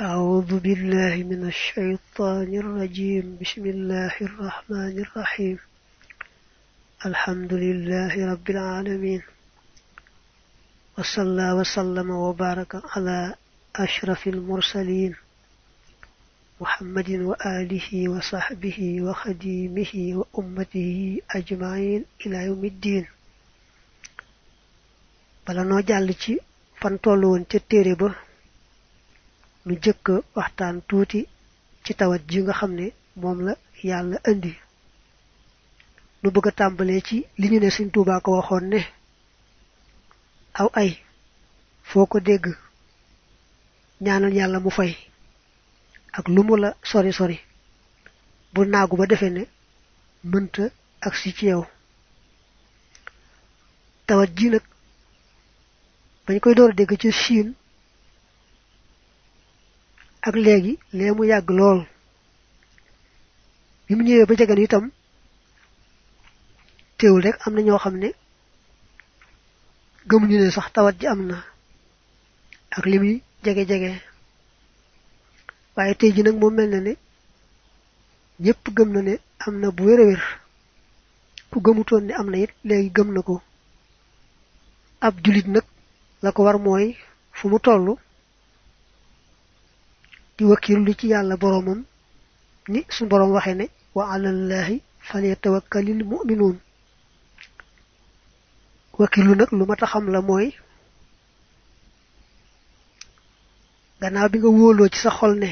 أعوذ بالله من الشيطان الرجيم بسم الله الرحمن الرحيم الحمد لله رب العالمين وصلى وسلم وبارك على أشرف المرسلين محمد وآله وصحبه وخديمه وأمته أجمعين إلى يوم الدين بلا نو جال سي فان nu jëkk waxtaan tuuti ci tawat ji nga xam ne moom la yàlla indi nu bëgg a tàmbalee ci li ñu ne suñ ko waxoon ne aw ay foo ko dégg ñaanal yàlla mu fay ak lu mu la sori sori bu naagu ba defe ne mënta ak si ci yow tawat ji nag bañ koy door dégg ci Chine ak léegi lee mu yàgg lool bi mu ñëwee ba jegan itam teewul rek am na ñoo xam ne gëmuñu ne sax tawat ji am na ak li muy jege-jege waaye tey ji nag moom mel na ne ñépp gëm na ne am na bu wér a wér ku gëmutoon ne am na it léegi gëm na ko ab julit nag la ko war mooy fu mu toll di wakirlu ci yalla boromam ni su borom waxe ne wa llahi falyatawakkalul mu'minun wakilu nak luma taxam la moy gannaaw bi nga wolo ci sa xol ne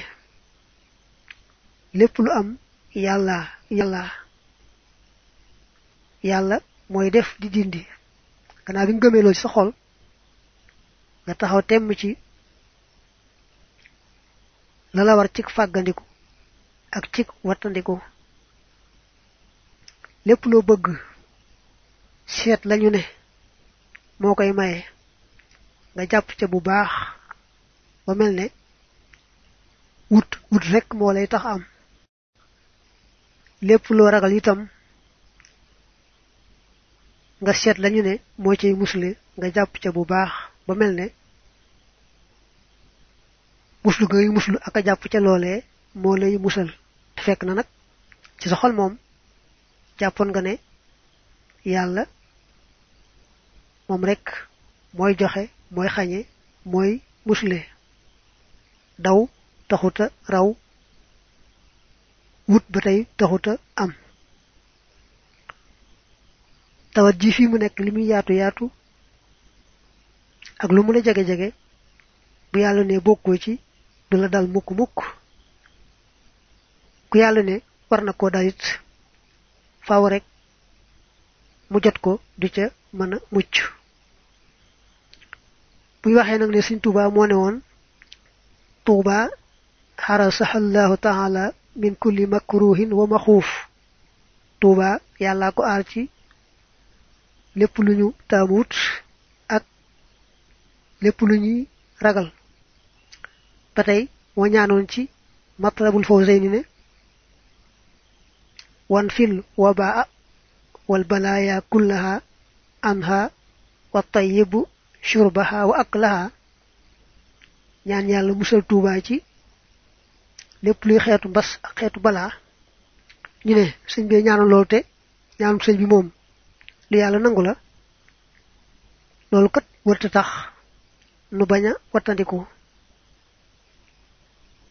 lepp lu am yalla yalla yalla moy def di dindi gannaaw bi nga gëmeeloo ci sa xol nga taxaw tem ci la la war cik fàggandiku ak cik wattandiku lépp loo bëgg seet lañu ne moo koy maye nga jàpp ca bu baax ba mel ne wut wut rek moo lay tax am lépp loo ragal itam nga seet lañu ne moo cay musle nga jàpp ca bu baax ba mel ne muslu ngay muslu ak japp ca lolé mo lay musal fekk na nak ci sa xol mom jappon nga ne yalla mom rek moy joxe moy xagne moy musle daw taxuta raw wut batay taxuta am tawat ji fi mu nek limi yaatu yaatu ak lu mu la jage jage bu yalla ne bokko ci du la dal mukk mukk ku yàlla ne war na koo dalit mana rek mu jot ko du ca mën a mucc buy waxee nag ne suñ tuuba moo ne woon tuuba allahu taala min kulli makruhin wa maxuuf tuuba yàllaa ko aar ci lépp lu ñu taamuut ak lépp lu ñuy ragal batay mo ñaanon ci matlabul fawzayni ne wan fil wabaa wal balaya kullaha anha wa tayyibu shurbaha wa aklaha ñaan yalla musal tuba ci lepp luy xeetu mbas ak xeetu bala ñu ne señ bi ñaanal lool te ñaanum señ bi mom lu yalla nangu la lolou kat wërta tax nu baña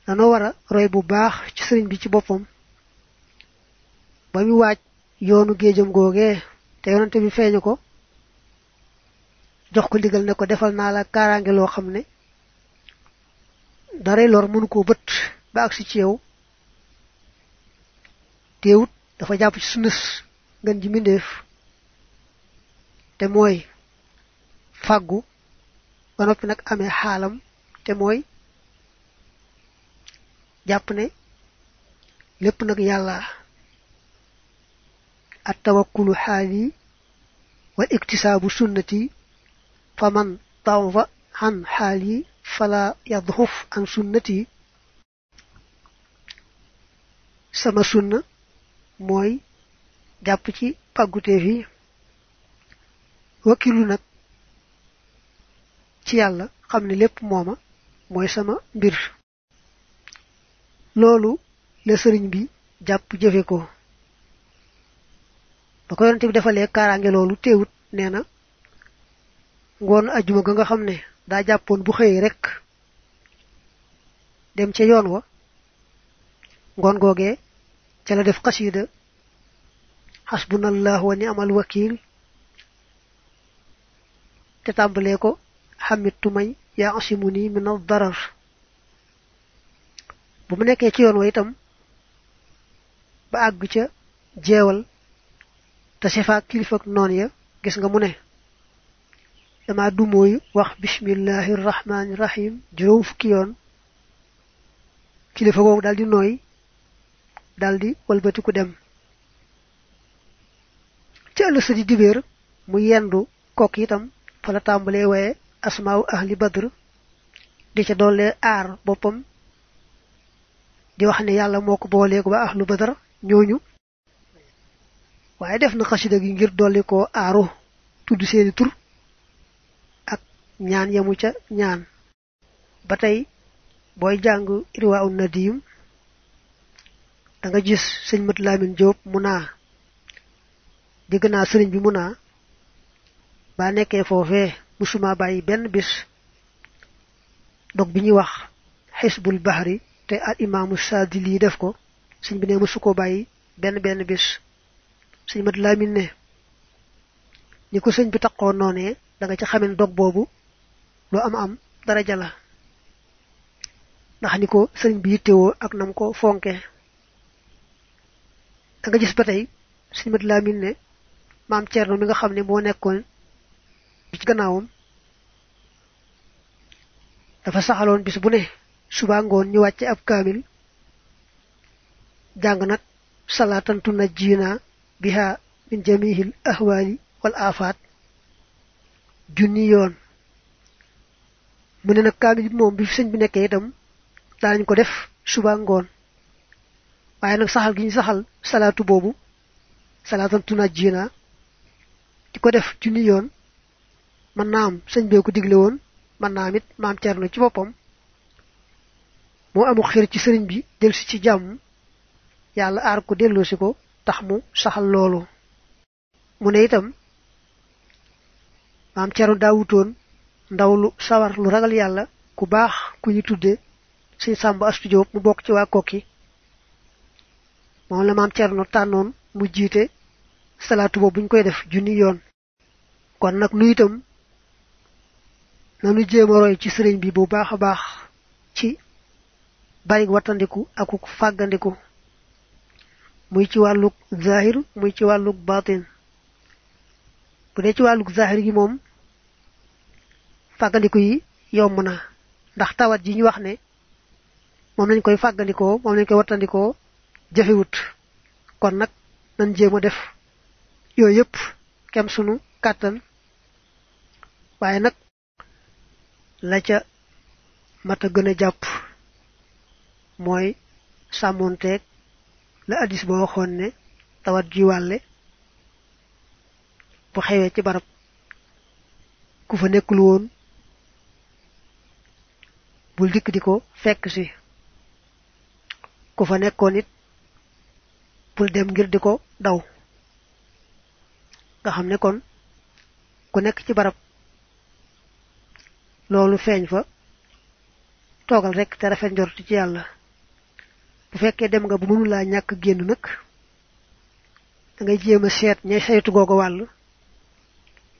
danoo war a roy bu baax ci sëriñ bi ci boppam ba mu waaj yoonu géejam googee te yonante bi feeñu ko jox ko ndigal ne ko defal naa la kaaraange loo xam ne daray lor mënu koo bët ba si ci yow teewut dafa jàpp ci sunus ngën ji mbindeef te mooy fàggu ba noppi nag amee xaalam te mooy jàpp ne lépp nag yàlla attawakkulu xaali wa iktisaabu sunnati fa man tawfa an xaali fala yadhuf an sunnati sama sunna mooy jàpp ci pàgguteef yi wakkilu nag ci yàlla xam ne lépp mooma mooy sama mbir loolu la sëriñ bi jàpp jëfe ko ba ko yonante bi defalee kaaraange loolu teewut nee na ngoon ga nga xam ne daa bu xëyee rek dem ca yoon wa ngoon googee ca la def xasida hasbunallahu wa ni'mal wakil te tàmbalee ko xamittu may asimuni min ad darar bu mu nekkee ci yoon wa itam ba àgg ca jeewal te sefaak kilifak noon ya gis nga mu ne dama dumooyu wax bismillahi rahmani rahim juróom fukki yoon kilifa googu daal di nooy daal di walbatiku dem ci ëllëg sa di dibéer mu yendu kokk itam fa la tàmbalee waye asmaaw ahli badr di ca doole aar boppam di wax ne yàlla moo ko booleeku ba ahlu badar ñooñu waaye def na xasida gi ngir dolli ko aaru tudd seeni tur ak ñaan yamu ca ñaan ba tey booy jàng irwaa un nadim da nga gis sëñ mat laamin jóob mu naa dégg naa sëriñ bi mu naa ba nekkee foofee musuma bàyyi benn bis dog bi ñuy wax xisbul bahri te al imam sadili def ko señ bi ne musu suko bayyi ben ben bis señ mat lamine ne ni ko señ bi takko noné da nga ci xamene dog bobu lo am am dara jala ndax niko señ bi yittewo ak nam ko fonké da nga gis batay señ mat lamine ne mam cerno mi nga xamne bo nekkon ci gannaawum dafa saxalon bis bu ne suba ngon ñu wàcce ab kaamil jàng nag salaatan biha min jamihil ahwali wal afat junni yoon mu ne nag kaamil bi moom bi señ bi sahal itam dañ ko def suba ngon waye nak saxal giñ ñu saxal salaatu boobu salaatan ci ko def junni yoon man naam señ be ko diglé won man naamit maam ci bopam moo amul xir ci sëriñ bi dellusi ci jàmm yàlla aar ko delloosi ko tax mu saxal loolu mu ne itam maam ceru daawutoon ndaw lu sawar lu ragal yàlla ku baax ku ñu tudde sëñ Sàmba Astu Jóob mu bokk ci waa kokki moom la maam cerno tànnoon mu jiite salaatu boobu buñ koy def junni yoon kon nag nu itam nanu jéem roy ci sëriñ bi bu baax a baax ci bari watandiku aku fagandiku muy ci zahir muy ci batin bu dé ci zahir gi mom fagandiku yi yomb na ndax tawat ji ñu wax ne mom lañ koy fagandiko mom lañ koy watandiko jafé wut kon nak nañ def yoy yep kem sunu katan waye nak la ca mata gëna japp Moy samonté la hadis bo xonné le, tawat ji walé bu xewé ci barab ku fa nekkul woon bul dikk diko fekk ci ku fa it bul dem ngir diko daw nga xamné kon ku nekk ci barab loolu feeñ fa togal rek te rafet njort ci yàlla bu fekkee dem nga bu mënu laa ñàkk génn nag da ngay jéem a seet ñay saytu wàll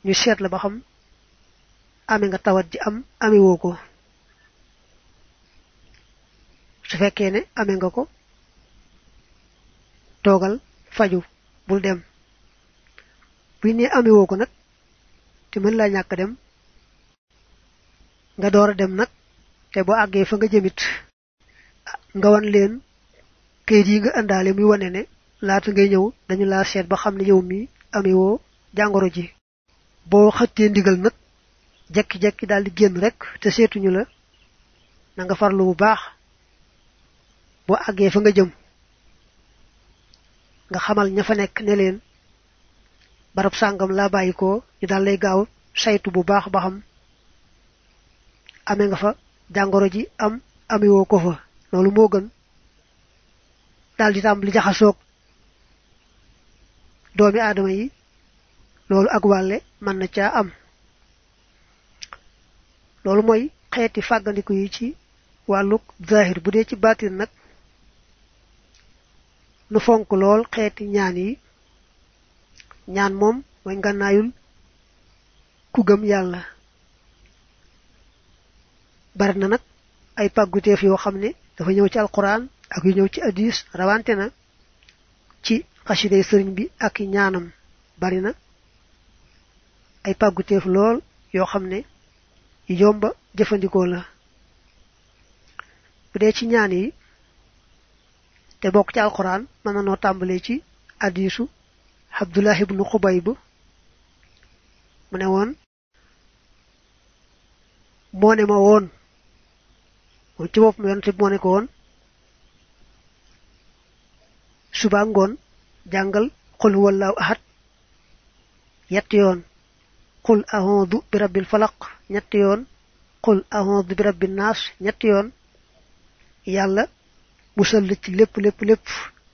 ñu seet la ba xam nga tawat ji am ame woo ko su fekkee ne ame nga ko toogal faju bul dem bu ne ame woo ko nag te mën laa ñàkk dem nga door dem nag te boo àggee fa nga jëmit nga wan leen kayit yi nga àndaale muy wane ne laata ngay ñëw dañu laa seet ba xam ne yow mi amewoo jàngoro ji boo xëttee ndigal nag jekki-jekki daal di génn rek te seetuñu la na nga farlu bu baax boo àggee fa nga jëm nga xamal ña fa nekk ne leen barab sàngam laa bàyyikoo ñu daal lay gaaw saytu bu baax ba xam amee nga fa jàngoro ji am amiwoo ko fa loolu moo gën dal di tambali jaxasok doomi adama yi lolu ak walé man na ca am lolu moy xéeti fagandiku yi ci waluk zahir budé ci batin nak nu fonk lol xéeti ñaan yi ñaan mom moy gannaayul ku gëm yalla bar na nak ay paguteef yo dafa ñëw ci alquran ak yu ñëw ci addis rawante na ci xasiday sëriñ bi ak ñaanam bari na ay pàgguteef lool yoo xam ne yomba jëfandikoo la bu dee ci ñaan yi te bokk ci alxuraan mën na noo tàmbalee ci addisu Abdullah ibnu Xubayb mu ne woon moo ne ma woon moom ci bopp ko woon suba ngon jangal qul huwallahu ahad yett yoon qul a'udhu bi rabbil falaq ñett yoon qul a'udhu bi rabbin nas ñett yoon yalla musal ci lepp lepp lepp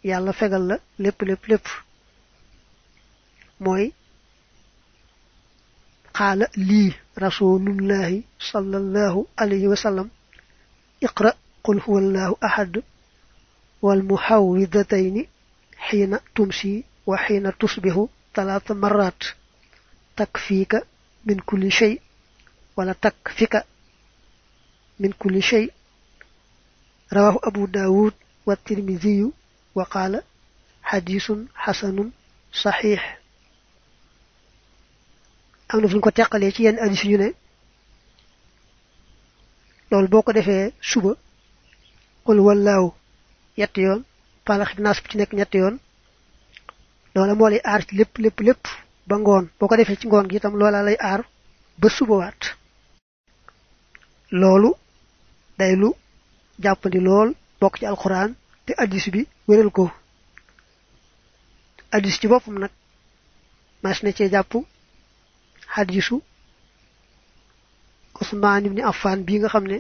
yalla fegal la lepp lepp lepp moy قال لي رسول الله صلى الله عليه وسلم اقرأ قل هو الله أحد والمحوذتين حين تمشي وحين تصبح ثلاث مرات تكفيك من كل شيء ولا تكفيك من كل شيء رواه أبو داود والترمذي وقال حديث حسن صحيح أنا في fu قليل ko teqalee ci yenn hadith ñu ne loolu boo ko defee suba qul wallahu yoon pala nas bu ci nek ñett yoon loola lip, lay ar ci lepp lepp lépp ba ngoon boko defé ci ngoon gi tam lola lay ar ba wat lolu day lu jappandi lol bok ci alquran te hadith bi wëral ko hadith ci bopum nak mas na ci hadisu usman ibn affan bi nga xamne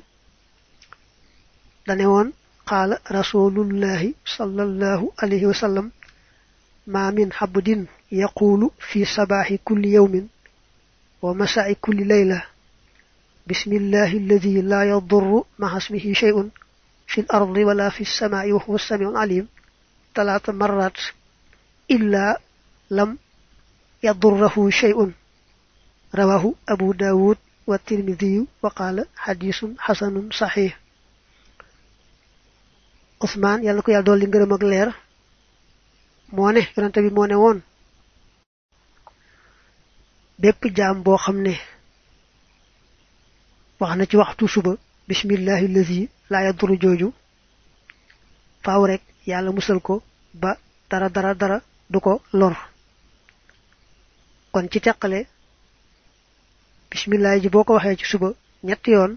da newon قال رسول الله صلى الله عليه وسلم ما من حبد يقول في صباح كل يوم ومساء كل ليلة بسم الله الذي لا يضر مع اسمه شيء في الأرض ولا في السماء وهو السميع العليم ثلاث مرات إلا لم يضره شيء رواه أبو داود والترمذي وقال حديث حسن صحيح usman yalla ko yalla doli ngeureum ak leer mo ne yonante bi mo ne won bepp jam bo xamne waxna ci waxtu suba bismillahi allazi la yadru joju faaw rek yalla musal ko ba dara dara dara duko lor kon ci takale bismillah ji boko waxe ci suba ñett yoon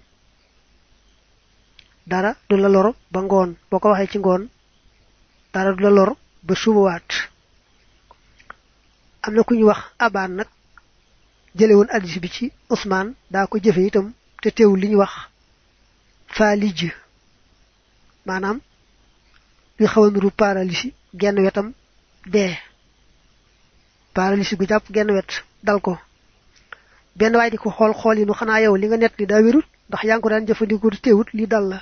dara du la lor ba ngoon boo ko waxee ci ngoon dara du la lor ba subawaat am na ku ñu wax abaan nag jële woon addis bi ci Ousmane daa ko jëfe itam te teewul li ñu wax faalij maanaam li xaw a nuru paralysie genn wetam dee paralysie gu jàpp genn wet dal ko benn waay di ko xool xool yi nu xanaa yow li nga nett li daa wérut ndax yaa ngi ko daan jëfandikoo teewut lii dal la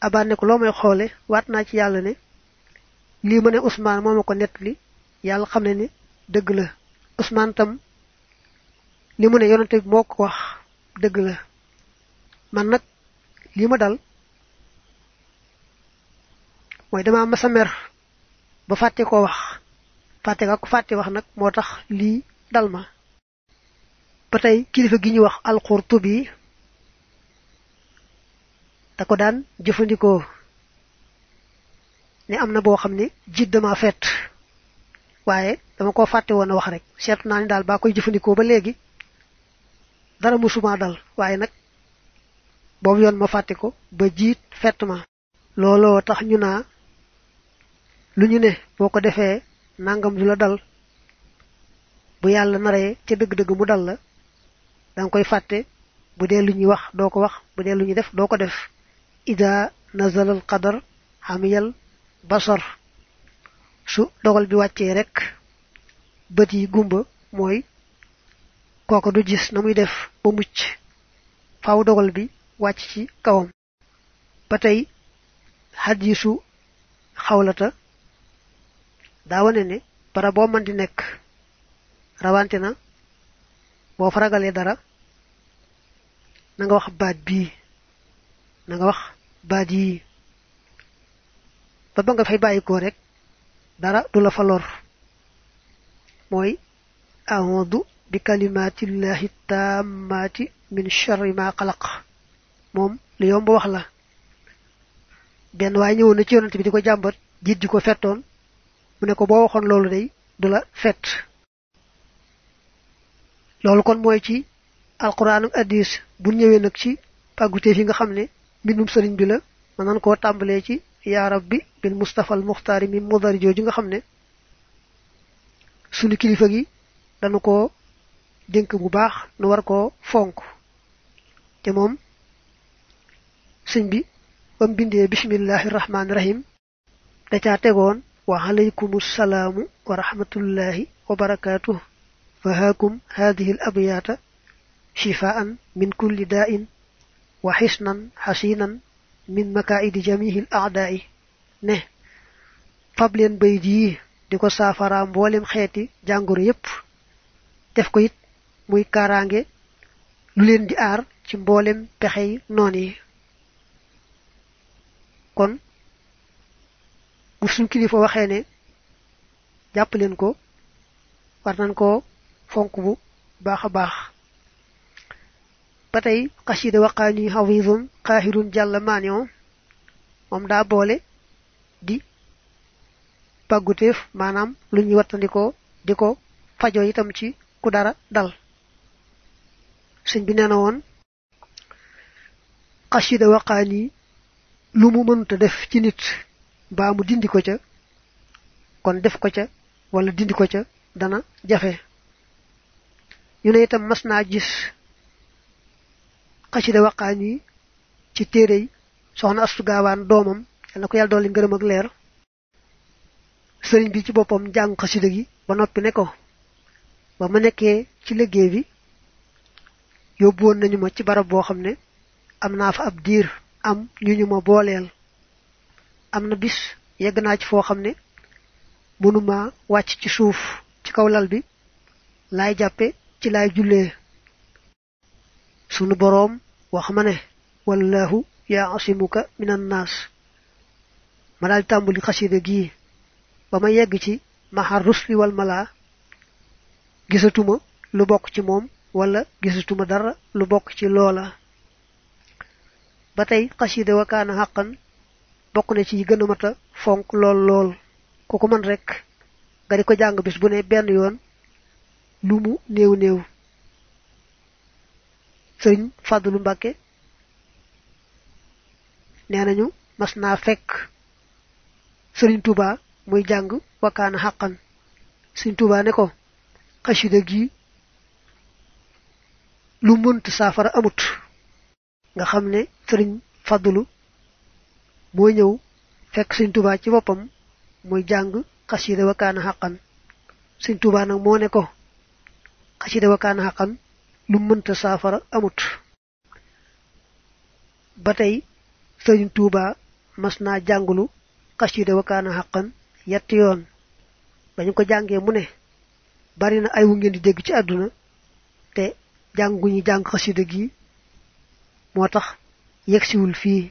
abane ne ko loo may xoole waat naa ci yàlla ne lii ma ne usmaan moo ko nettali yàlla xam ne ne la usmaan tam li mu ne yonante bi moo ko wax dëgg la man nag lii ma dal mooy dama masa mer ba fàtte koo wax fàtte ga ko fàtte wax nag moo tax dal ma kilifa gi ñu wax da ko daan jëfandikoo ne am na boo xam ne jiit dama fett waaye dama ko fàtte woon a wax rek seetu naa ne daal baa koy jëfandikoo ba léegi dara musuma dal waaye nag boobu yoon ma fàtte ko ba jiit fett ma looloo tax ñu naa lu ñu ne boo ko defee nangam du la dal bu yàlla naree ca dëgg-dëgg mu dal la danga koy fàtte bu dee lu ñuy wax doo ko wax bu dee lu ñuy def doo ko def ida nazala al qadar amiyal basar su dogal bi wàccee rek bët yi gumba mooy kooka du gis na muy def ba mucc faaw dogal bi wàcc ci kawam ba tey su xawlata daa wane ne bara boo mën di nekk rawante na boo ragalee dara na wax baat bii na nga wax Badi, yi ba ba nga fay bàyyikoo rek dara du la fa lor mooy aawdu bi tammati min sharri ma xalaq mom lu yomb wax la benn waay ñëwoon na ci yonante bi di ko jàmbat jiit ji mu ne ko boo waxoon loolu day du la fett loolu kon mooy ci alquran ak hadis bu ñëwee nag ci fi nga mbindum sëriñ bi la ma nan koo tàmbalee ci yaa rabbi bil mustafa al muxtaari mi mudari jooju nga xam ne sunu kilifa gi danu koo dénk bu baax nu war koo fonk te moom sëñ bi bam bindee bismillahi rahmaani rahim da caa tegoon wa alaykum salaamu wa rahmatullahi wa barakaatuh fahaakum haadihi al abiyaata shifaan min kulli daa'in وحسنا حسينا من مكائد جميع الاعداء نه فبلين بيدي ديكو سافارا مبولم خيتي جانغور ييب تف كو ييت موي كارانغي لولين دي ار سي مبولم تخي نوني كون مسلم كليفا واخي ني جابلين كو وارنان كو فونكو بو باخا باخ ba tey xasida waqaani xawidun xaaxirun jàll maanion moom daa boole di pàggutéef maanaam lu ñuy wattandikoo di ko fajo yitam ci ku dara dal sëñ bi nee na woon xasida waqaani lu mu mënta def ci nit baa mu dindi ko ca kon def ko ca walla dindi ko ca dana jafe ñu ne itam mas naa gis xasida waqaan wi ci téere yi soxna astu gaawaan doomam yal na ko yàlla dolli ngërëm ak leer sëriñ bi ci boppam jàng xasida gi ba noppi ne ko ba ma nekkee ci liggéey bi yóbbu nañu ma ci barab boo xam ne am naa fa ab diir am ñu ñu ma booleel am na bis yegg naa ci foo xam ne mënuma wàcc ci suuf ci kaw lal bi laay jàppe ci laay jullee sunu boroom wax ma ne wallahu minan nas ma dal tambuli xasida gi ba yegg ci mahar rusli wal mala gisatuma lu bokk ci moom wala gisatuma dara lu bokk ci loola ba tey wa kaana xàqan bokk na ci gëna mata fonk lool lool ku man rek nga di ko bis bu ne benn yoon serigne fadlu mbacke nenañu masna fekk serigne touba muy jang wakana haqqan serigne touba ne ko xashida gi lu muntu safara amut nga xamne serigne fadlu mo ñew fekk serigne touba ci bopam muy jang xashida kana haqqan serigne touba nak mo ne ko xashida kana haqqan lu mënta saafara amut ba tey sëriñ Tuuba mas naa jàngulu xasida wa kaana xaqan yetti yoon dañu ko jàngee mu ne bari na ay wu ngeen di dégg ci àdduna te jàngu ñu jàng xasida gi moo tax yegsiwul fii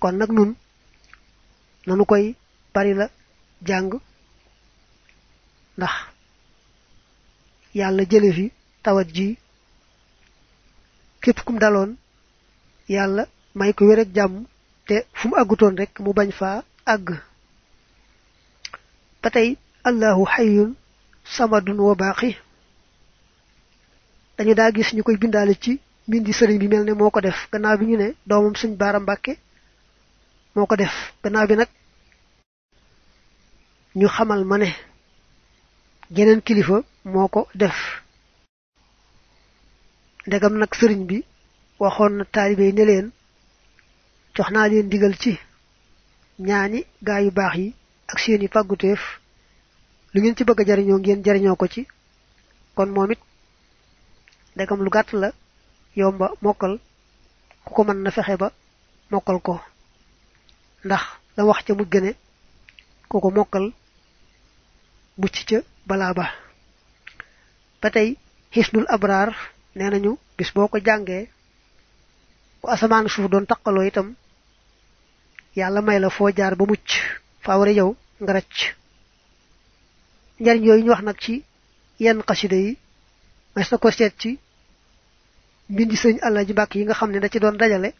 kon nag nun nanu koy bari la jàng ndax yalla jele fi tawat ji képp kum dalon yalla may ko wér ak jàmm te fum mu rek mu bañ fa ag patay allah allahu xayun samadun wa baqi dañu da gis ñukoy bindale ci mindi serigne bi melne moko def gannaaw bi ñu ne doomam serigne baram bakke moko def gannaaw bi nak ñu xamal mané geneen kilifa moo ko def ndegam nag sëriñ bi waxoon na taalibe yi ne leen jox naa leen digal ci ñaani gaa yu baax yi ak seen i fàgguteef lu ngeen ci bëgg a jariñoo ngeen jariñoo ko ci kon moom ndegam lu gàtt la yomba mokkal ku ko mën na fexe ba mokkal ko ndax la wax ca mu gëne ko mokkal mucc ca bala ba ba tey xisnul abraar nee nañu bis boo ko jàngee bu asamaan suuf doon taqaloo itam yàlla may la foo jaar ba mucc faa war a yow nga racc njariñ yooyu ñu wax nag ci yenn xasida yi mas sa ko seet ci mbindi sëñ àlla ji mbàkk yi nga xam da ci doon dajale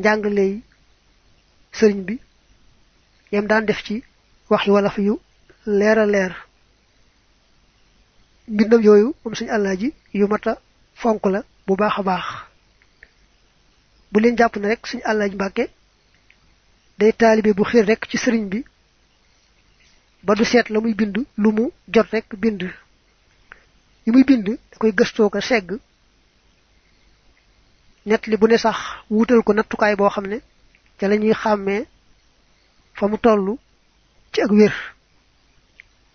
njàngale yi sëriñ bi yam daan def ci wax yi wala yu leer leer mbindam yooyu moom suñu àllaaji yu mat fonk la bu baax a baax bu leen jàpp ne rek suñu àllaaji mbàkke day taalibe bu xiir rekk ci sëriñ bi ba du seet la muy bind lu mu jot rek bind yi muy bind da koy gëstoo ko segg nett bu ne sax wuutal ko nattukaay boo xam ne ca la ñuy xàmmee fa mu toll ci ak wér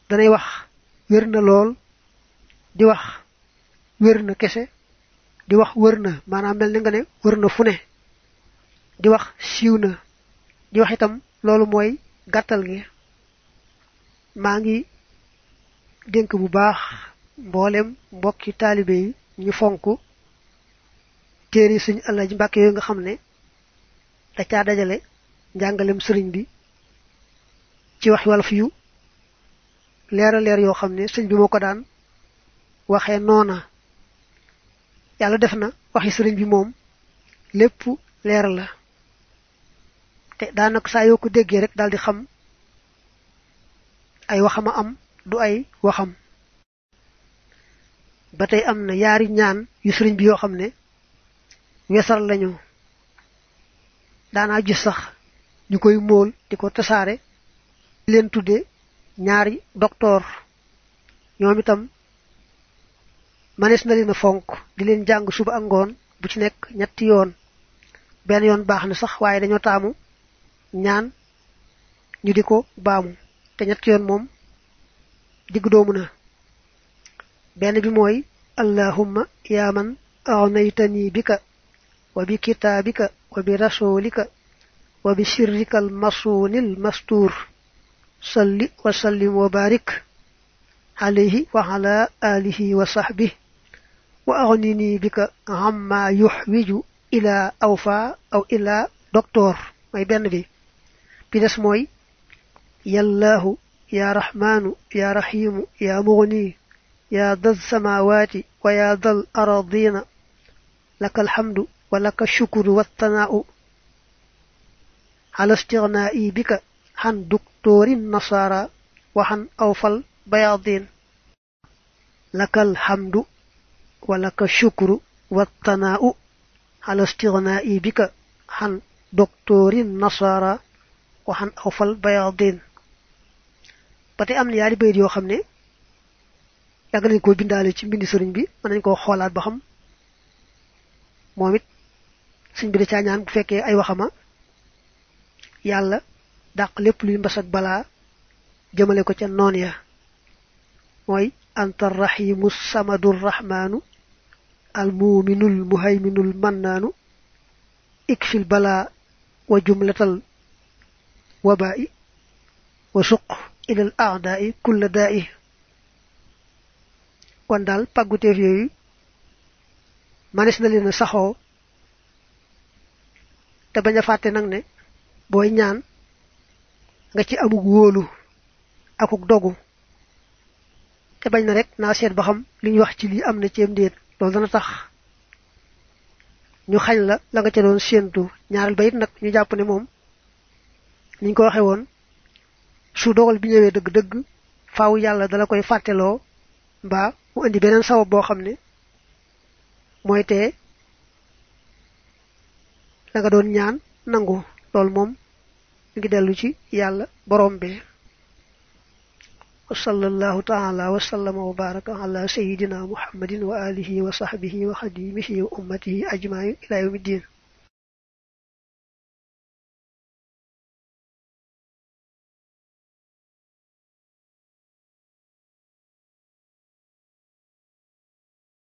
danay wax wér na lool di wax na kese di wax wër na maanaam mel na nga ne wër na fu di wax siiw na di wax itam loolu mooy gàttal gi maa ngi dénk bu baax mboolem mbokki taalibe yi ñu fonk téere suñu allah ji yooyu nga xam da caa dajale njàngalem sëriñ bi ci wax yu leera leer yoo xam ne sëñ bi moo ko daan waxee noona yàlla def na waxi sëriñ bi moom lépp leer la te daanaka saa yoo ko déggee rek daal di xam ay waxama am du ay waxam ba tey am na yaari ñaan yu sëriñ bi yoo xam ne wesar lañu daanaa gis sax ñu koy móol di ko tasaare leen tuddee ñaari docteur ñoom itam manees na leen a fonk di leen jàng suba ak ngoon bu ci nekk ñetti yoon benn yoon baax na sax waaye dañoo taamu ñaan ñu di ko baamu te ñetti yoon moom digg doomu na benn bi mooy allahumma yaa man wa bi kitaabika wa bi rasulika wa bi sirrika almasuunil mastuur صل وسلم وبارك عليه وعلى آله وصحبه وأغنني بك عما يحوج إلى أوفى أو إلى دكتور may benn bi bi des mooy yallaahu yaa raxmaanu yaa raxiimu yaa mugni yaa dal samaawaati wa yaa dal aradiina laka alxamdu wa laka alshukuru waltanaa'u ala istighnaa'i bika xan duk طور النصارى وحن أوفل بياضين لك الحمد ولك الشكر والثناء على استغنائي بك حن دكتور النصارى وحن أوفل بياضين باتي أمن يالي بيد يو خمني yàgg nañ ko bindaale ci mbindi sëriñ bi mën nañ ko xoolaat ba xam moom it sëñ bi da caa ñaan bu fekkee ay waxama yàlla dàq lépp luy mbas ak balaa jëmale ko ca noon ya mooy anta rahimu samadu al muminul almuhayminu almannaanu ikfi lbalaa wa jumlatal wabaa'i wa suq ila al a'daa'i kull daa'i kon daal pàgguteef yooyu manes na leen a saxoo te bañ a ne booy ñaan nga ci amuk wóolu akuk dogu te bañ na rek naa seet ba xam li ñu wax ci lii am na ceem déet loolu dana tax ñu xañ la la nga ca doon séentu ñaaral bayit nag ñu jàpp ne moom niñ ko waxe woon su dogal bi ñëwee dëgg-dëgg faaw yàlla dala koy fàtteloo ba mu indi beneen sabab boo xam ne mooy tee la nga doon ñaan nangu loolu moom ngi dellu ci yàlla borom bi وصلى الله تعالى وسلم وبارك على سيدنا محمد وآله وصحبه وخديمه وأمته أجمعين إلى يوم الدين